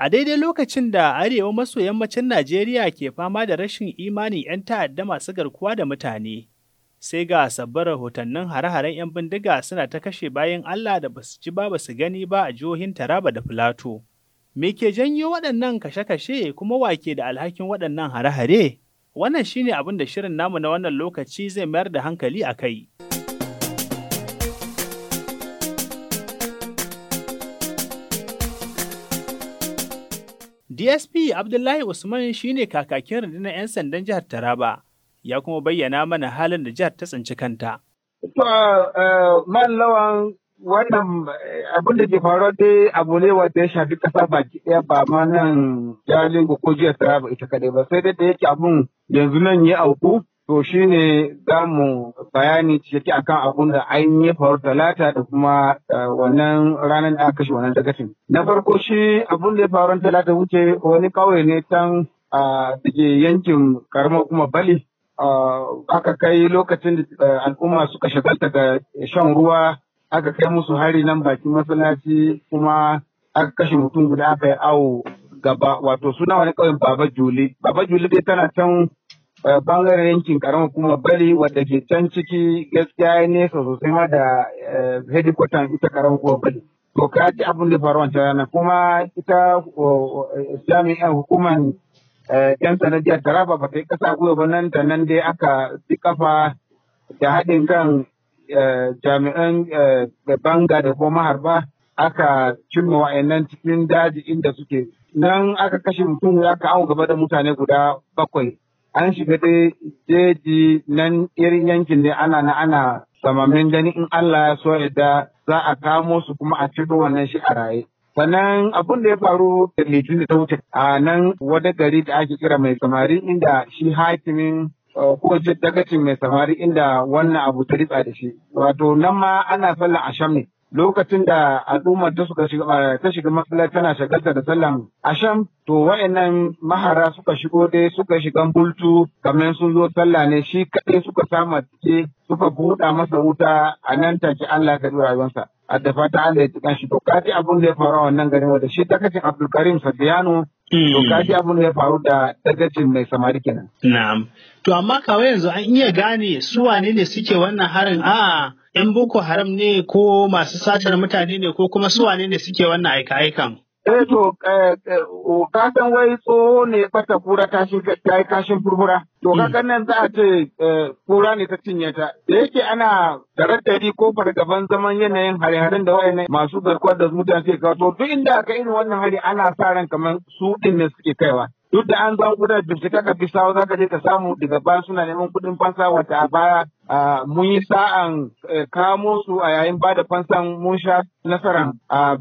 A daidai lokacin da arewa maso yammacin Najeriya ke fama da rashin imanin 'yan ta'adda masu garkuwa da mutane, sai ga sabbin rahotannin hare-haren 'yan bindiga suna ta kashe bayan Allah da basu ci ba basu gani ba a jihohin Taraba da Filato. Me ke janyo waɗannan kashe-kashe kuma wake da alhakin waɗannan hare-hare? Wannan shine abin da shirin namu na wannan lokaci zai mayar da hankali a kai. DSP Abdullahi Usman shine kakakin rundunar 'yan sandan jihar Taraba, ya kuma bayyana mana halin da jihar ta tsinci kanta. Eh, Mallawan wannan eh, abin da ke faruwa dai abu ne wanda ya shafi kasa baki ɗaya ba ma nan jalin ko jihar Taraba ita kadai ba sai dai da yake abun yanzu nan ya auku to shi ne za mu bayani cikakke akan abun da yi faru talata da kuma eh, wannan ranar da aka kashe wannan dagacin. Na farko shi abun da ya faru talata wuce wani kawai ne can a ke yankin karamar kuma bali aka kai lokacin da eh, al'umma suka shagalta daga shan ruwa aka kai musu hari nan bakin masallaci kuma aka kashe mutum guda aka yi awo gaba wato suna wani kawai baba juli baba juli dai tana can Eh, bangaren yankin karamar kuma bari wadda ke can ciki gaskiya ya nesa sosai ma da eh, hedikwatan ita karama kuma bali. To ka ci abin da faruwa ta rana kuma ita jami'an hukumar yan eh, sanadiyar taraba ba ta yi kasa gwiwa ba nan da nan dai aka fi kafa da haɗin kan jami'an banga da kuma maharba aka cimma wa'annan cikin daji inda suke nan aka kashe mutum aka awo gaba da mutane guda bakwai an shiga dai jeji nan irin yankin ne ana na ana samamin gani in Allah ya so yadda za a kamo su kuma a ciro wannan shi a raye. Sannan abin da ya faru da litinin ta wuce a nan wani gari da ake kira mai samari inda shi hakimin uh, ko dagacin mai samari inda wannan abu ta ritsa da shi. Wato nan ma ana sallan sham ne. lokacin da al'ummar ta suka shiga eh, ta shiga masallaci tana shagar da sallan asham to wayannan mahara suka shigo dai suka shiga bultu kamar sun zo sallah ne shi kadai suka samu ce suka buɗa masa wuta a nan take Allah ya karbi rayuwarsa a da fata Allah ya tukan shi to kaji abun da ya faru a wannan garin wanda shi takacin Karim Sadiyano to hmm. kaji abun da ya faru da takacin mai samari kenan na'am to amma kawai yanzu an iya gane su wane ne suke wannan harin a'a 'yan Boko Haram ne ko masu satar mutane ne ko kuma su wanene ne suke wannan aika-aikan? Eh to, eh, eh, ka wai tsoho ne bata kura ta yi kashin furfura. To kakan hmm. nan za a ce eh, kura ne ta cinye ta. Da yake ana taraddadi ko fargaban zaman yanayin hare-haren da wayannan masu garkuwar da mutane suke kawo. To duk inda aka irin wannan hari ana sa ran kamar su ɗin ne suke kaiwa. duk da an zama gudanar bincika ka bisa za ka je ka samu daga ba suna neman kuɗin fansa wata a baya mun yi sa'an e, kamo su a yayin ba da fansan mun sha nasarar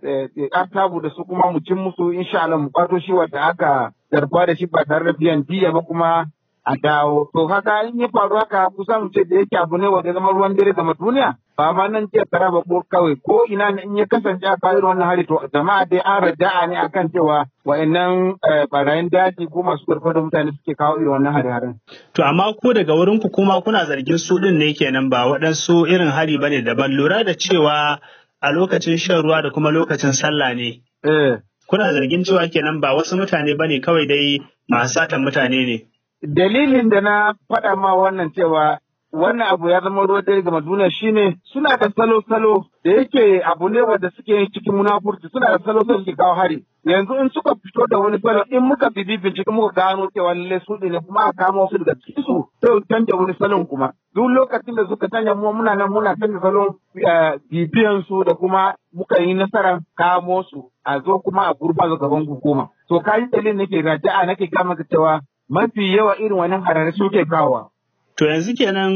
e, e, a tabu da su kuma mu cin musu insha Allah mu kwato shi wata aka zarfa da shi ba tare da biyan diya ba kuma a dawo to haka in ya faru haka kusan ce da yake abu ne wanda zama ruwan dare ga duniya ba ma nan ce tara ba ko kawai ko ina in ya kasance a kayan wannan hari to jama'a dai an raja'a ne akan cewa wa'annan eh, barayin daji ko masu karfa da mutane suke kawo irin wannan hari harin? To amma ko daga wurin ku kuma kuna zargin su din ne kenan ba waɗansu irin hari bane daban lura da cewa a lokacin shan ruwa da kuma lokacin sallah ne. Eh. Kuna zargin cewa kenan ba wasu mutane bane kawai dai masu satan mutane ne. dalilin da na faɗa ma wannan cewa wannan abu ya zama ruwa dare ga duniya shine suna da salo-salo da yake abu ne wanda suke yin cikin munafurci suna da salo-salo da kawo hari yanzu in suka fito da wani salo in muka bibi bincike muka gano cewa lallai su ne kuma a kamo su daga cikin su sai canja wani salon kuma duk lokacin da suka canja mu muna nan muna canja salon eh, bibiyan su da kuma muka yi nasarar kamo su a zo kuma a gurba gaban hukuma to kayi dalilin nake raja'a nake kama cewa mafi yawa irin wannan harare suke kawo. To yanzu kenan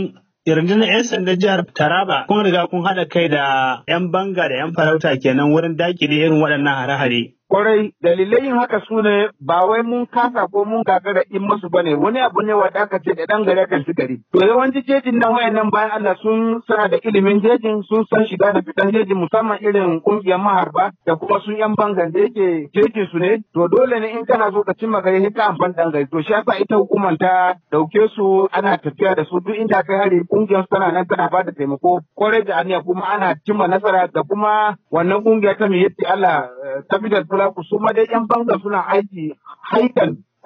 rundunar 'yan sanda jihar Taraba kun riga kun haɗa kai da 'yan banga da 'yan farauta kenan wurin dakile irin waɗannan hare-hare. Kwarai, dalilai yin haka su ne ba wai mun kasa ko mun gagara in masu bane wani abu ne wanda aka ce da dan gare kan su gari. To yawanci jejin nan wayannan bayan Allah sun sa da ilimin jejin sun san shiga da fitan jejin musamman irin kungiyar maharba da kuma sun yan bangan da yake jejin su ne. To dole ne in kana so ka cimma gari ka amfani dan gari. To Shafa, ita hukumar ta dauke su ana tafiya da su duk inda ka hari kungiyar su tana nan tana ba da taimako kwarai da aniya kuma ana cimma nasara da kuma wannan kungiya ta mai yadda Allah eh, ta fitar kula ma dai yan banga suna aiki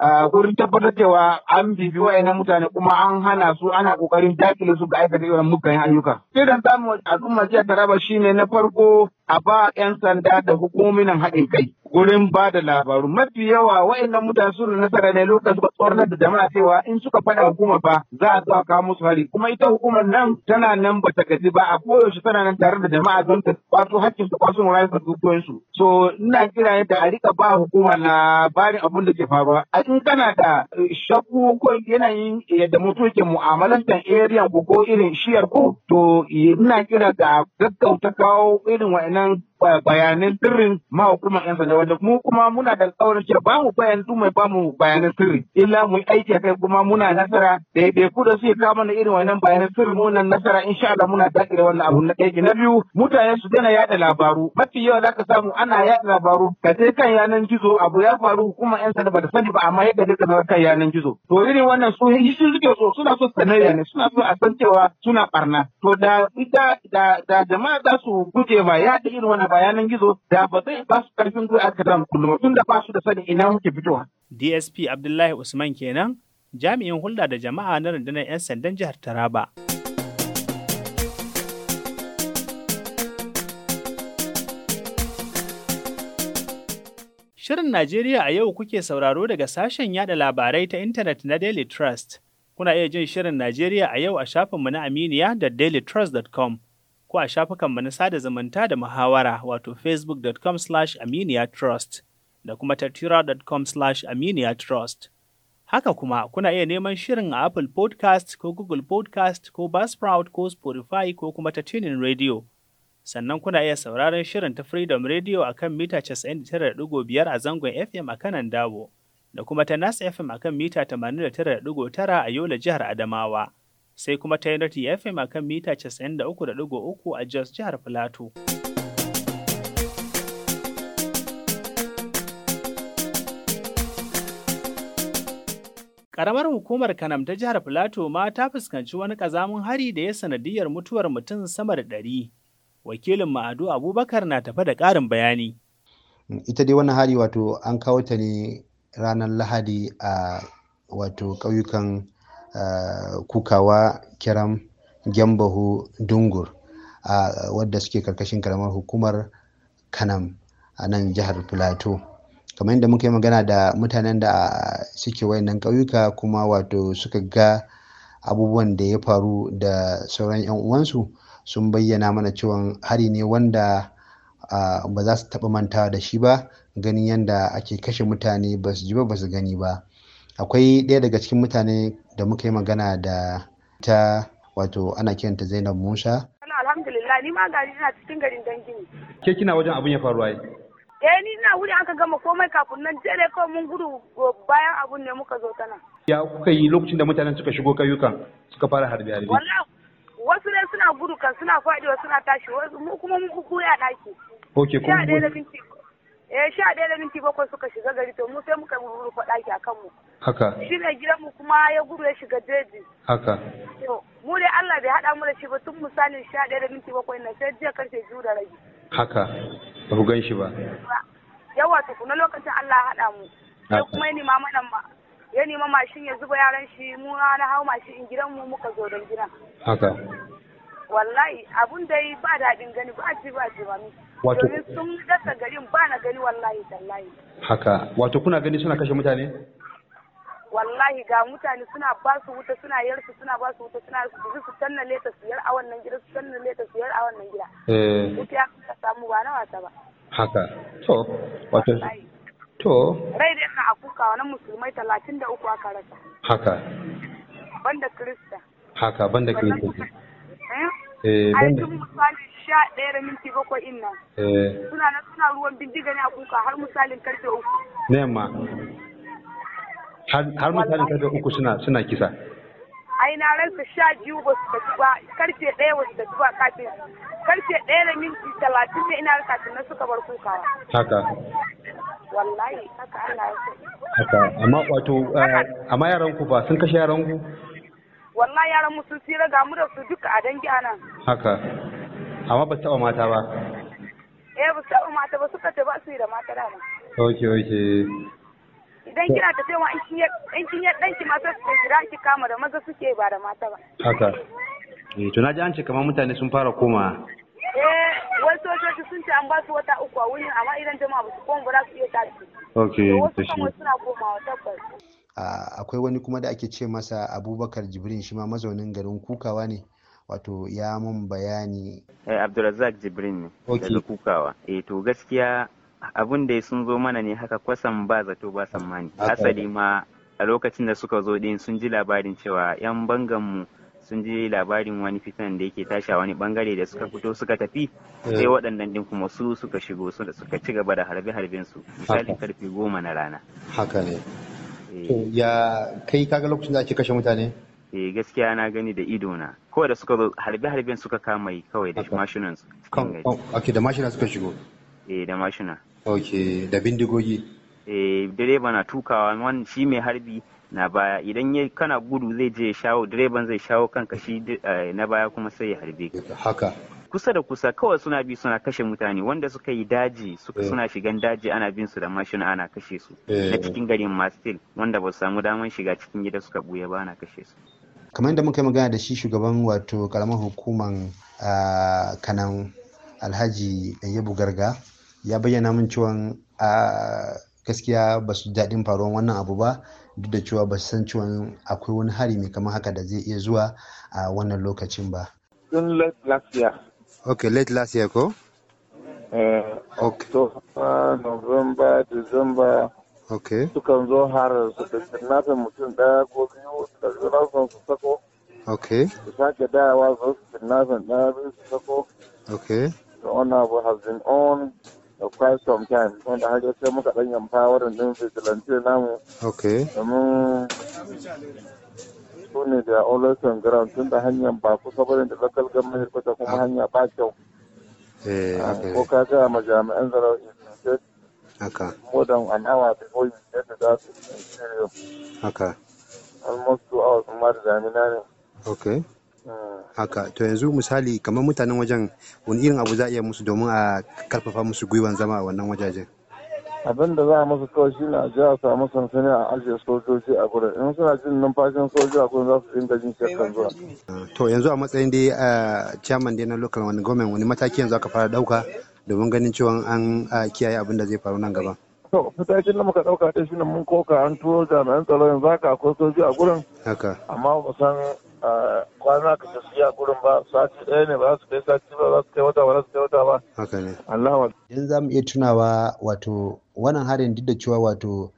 a wurin tabbatar cewa an bibi wayannan mutane kuma an hana su ana kokarin dakile su ga aikata irin mugayen ayyuka. Kiran samun al'umma jiya taraba shine na farko a ba 'yan sanda da hukumomin haɗin kai. gurin ba da labaru mafi yawa wa'annan mutane su nasara ne lokacin suka tsornar da jama'a cewa in suka faɗa hukuma ba za a zuwa kawo musu hari kuma ita hukumar nan tana nan ba ta gaji ba a koyaushe tana nan tare da jama'a don ta kwaso hakkin su kwaso rayuwar su so ina kira ne da a rika ba hukuma bari abin da ke faruwa a in kana da shakku ko yanayin yadda mutum ke mu'amalantar area ko ko irin shiyar ko to ina kira da gaggauta kawo irin wa'annan bayanan sirrin hukumar 'yan sanda wanda mu kuma muna da alƙawarin cewa ba mu bayan mai ba mu bayanan sirri illa mu yi aiki kai kuma muna nasara da bai ku da suke kama na irin wannan bayanan sirri mu nan nasara insha Allah muna da wannan abu na ɗaya na biyu mutane su dana yada labaru mafi yawa ka samu ana yada labaru ka sai kan yanan gizo abu ya faru kuma yan sanda ba da sani ba amma yadda duka zama kan yanan gizo to irin wannan su shi suke so suna so sanayya ne suna so a san cewa suna barna to da ita da jama'a za su guje ma yada irin wannan bayanan gizo da ba zai ba su karfin gwiwa DSP Abdullahi Usman kenan jami'in hulɗa da jama'a na rundunar 'yan sandan jihar Taraba. Shirin Najeriya a yau kuke sauraro daga sashen yada labarai ta intanet na Daily Trust. Kuna iya jin Shirin Najeriya a yau a shafinmu na Aminiya da dailytrust.com. ko a shafukanmu na sada zumunta da muhawara wato facebook.com slash aminiyatrust da kuma tattura.com slash aminiyatrust. Haka kuma kuna iya neman shirin a Apple podcast ko Google podcast ko Buzzsprout ko Spotify ko kuma ta tunin radio. Sannan kuna iya sauraron shirin ta Freedom Radio a kan mita 99.5 a zangon FM a kanan dawo da kuma ta Nas FM a kan mita 89.9 a Yola jihar Adamawa. sai kuma ta Unity FM a kan mita 93.3 a Jos jihar Filato. Ƙaramar hukumar Kanam ta jihar Filato ma ta fuskanci wani ƙazamin hari da ya sanadiyar mutuwar mutum sama da ɗari. Wakilin Ma'adu Abubakar na tafa da ƙarin bayani. Ita dai wani hari wato an kawo ta ne ranar Lahadi a wato ƙauyukan Eh, kukawa kiram gyambahu dungur a wadda suke karkashin karamar hukumar kanam a nan jihar plateau kamar yadda muka yi magana da mutanen da suke wayannan ƙauyuka kuma wato suka ga abubuwan da ya faru da sauran 'yan uwansu sun bayyana mana cewa hari ne wanda ba za su taɓa mantawa da shi ba ganin yadda ake kashe mutane ba su ji ba ba su gani ba akwai ɗaya daga cikin mutane da muka yi magana da ta wato ana kiranta zainab musa alhamdulillah ni ma gari ina cikin garin dangin ke kina wajen abin ya faru ai eh ni na wuri aka gama komai kafin nan je ne kawai mun gudu bayan abun ne muka zo ta nan ya kuka yi lokacin da mutanen suka shigo kayukan suka fara harbe harbe wasu ne suna gudu kan suna faɗi wasu na tashi wasu mu kuma mun ya ɗaki. ok kuma eh sha ɗaya da minti bakwai suka shiga gari to mu sai muka rurrufa ɗaki a kanmu. Haka. Shi ne gidanmu kuma ya gudu ya shiga jeji. Haka. Mu dai Allah bai haɗa mu da shi ba tun misalin sha ɗaya da minti bakwai na sai jiya karfe biyu da rabi. Haka. Ba ku gan shi ba. Yawa kuma lokacin Allah ya haɗa mu. Sai kuma ya nema mana ya nema mashin ya zuba yaran shi mu na hau mashin in gidanmu muka zo don gidan. Haka. Wallahi abun dai ba daɗin gani ba ci ba ci ba mu. wato sun dasa garin ba na gani wallahi tallahi haka wato kuna gani suna kashe mutane wallahi ga mutane suna ba su wuta suna yar su suna ba su wuta suna su su sanna leta su yar a wannan gida su sanna leta su yar a wannan gida eh duk ya ka samu ba na wasa ba haka to wato to rai dai na akuka wannan musulmai 33 aka rasa haka banda krista haka banda krista eh, eh banda misali sha ɗaya da minti bakwai in eh. nan. Suna na suna ruwan bindiga ne a kuka har misalin karfe uku. Na yamma. Har misalin karfe uku suna kisa. Ai na ransa sha biyu ba su tafi ba karfe ɗaya ba su tafi ba kafin karfe ɗaya da minti talatin ne ina kafin na suka bar kukawa. Haka. Wallahi haka Allah ya Haka amma wato eh, amma yaran ku ba sun kashe yaran ku? Wallahi yaran mu sun tsira ga mu da su duka a dangi anan. Haka. amma ba taɓa mata ba eh ba taɓa mata ba suka ce ba su yi da mata dama ok ok idan kina tafiya in kin yar danki ma sai su jira ki kama da maza suke ba da mata ba haka eh to naji an ce kamar mutane sun fara koma eh wai sojoji sun ce an ba su wata uku a wurin amma idan jama'a ba su koma ba za su iya tashi ok to shi suna komawa tabbas ah, akwai wani kuma da ake ce masa abubakar jibrin shi ma mazaunin garin kukawa ne wato ya mun bayani eh, Abdulrazak Jibrin ne daga Kukawa e to gaskiya abin da sun zo mana ne haka kwasan ba zato ba tsammani asali ma a lokacin da suka zo din sun ji labarin cewa yan banganmu sun ji labarin wani fitan da yake tashi a wani bangare da suka fito suka tafi eh. sai waɗannan din kuma su suka shigo suka ci gaba da harbe harbin su misali karfe goma na rana haka ne ya kai kaga lokacin da ake kashe mutane eh gaskiya na gani da ido na kawai da suka harbe-harben suka kama yi kawai da mashinan su ok da mashina suka shigo eh da mashina ok da bindigogi eh direba na tukawa wani shi mai harbi na baya idan ya kana gudu zai je shawo direban zai shawo kan kashi eh, na baya kuma sai ya harbe haka kusa da kusa kawai suna bi suna kashe mutane wanda suka yi daji suka eh. suna shigan daji ana bin su da mashina ana kashe su na eh. cikin garin mastil wanda ba su samu damar shiga cikin gida suka buya ba ana kashe su kamar yadda muka yi magana da shi shugaban wato karamar hukuman kanan alhaji yabu garga ya bayyana min cewa gaskiya ba su daɗin faruwan wannan abu ba duk da cewa ba su san cewa akwai wani hari mai kamar haka da zai iya zuwa a wannan lokacin ba. Tun late last year. Okay, late last year ko? Eh, okay. October, November, December, sukan zo har su tattalin mutum ɗaya ko biyu su ɗarfi nasan su sako su sake dawa su tattalin ɗaya biyu su sako da wannan abu has been on da quite some time wanda har sai muka ɗan yamfa wurin vigilante namu domin su ne da always on ground tun da hanyar ba kusa bane da local government kuma ah. hanya ba kyau eh, ko ka ga majami'an zarar tsaro Haka. More than an hour before you get to that area. Haka. Almost two hours kuma da damina ne. Okay. Hmm. haka to yanzu misali kamar mutanen wajen wani irin abu za a iya musu domin a karfafa musu gwiwan zama a wannan wajajen abin da za a musu kawai shi ne a jiya samu sansani a ajiye sojoji a gurin in suna jin numfashin soji a gurin za su dinga jin shakkan zuwa to yanzu a matsayin dai a ah, chairman dai na local wani gwamnati wani mataki yanzu aka fara dauka domin ganin cewa an kiyaye abin da zai faru nan gaba. to matakin da muka dauka ta shi mun koka an turo jami'an tsaro yanzu haka ko soji a gurin haka amma ba san kwana ka ta siya gurin ba sati ɗaya ne ba za su kai sati ba za su kai wata ba za su kai wata ba haka ne Allah wa idan zamu iya tunawa wato wannan harin duk da cewa wato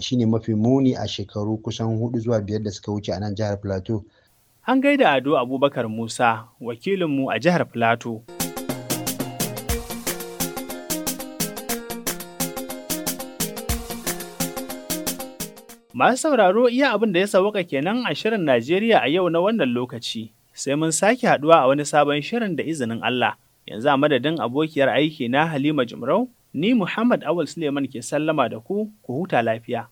shine mafi muni a shekaru kusan hudu zuwa biyar da suka wuce a nan jihar Plateau an gaida Ado Abubakar Musa wakilinmu a jihar Plateau Masu sauraro iya abin da ya sauka kenan a shirin Najeriya a yau na wannan lokaci, sai mun sake haduwa a wani sabon shirin da izinin Allah. Yanzu a madadin abokiyar aiki na Halima Jumrau, ni Muhammad Awul Suleiman ke sallama da ku, ku huta lafiya.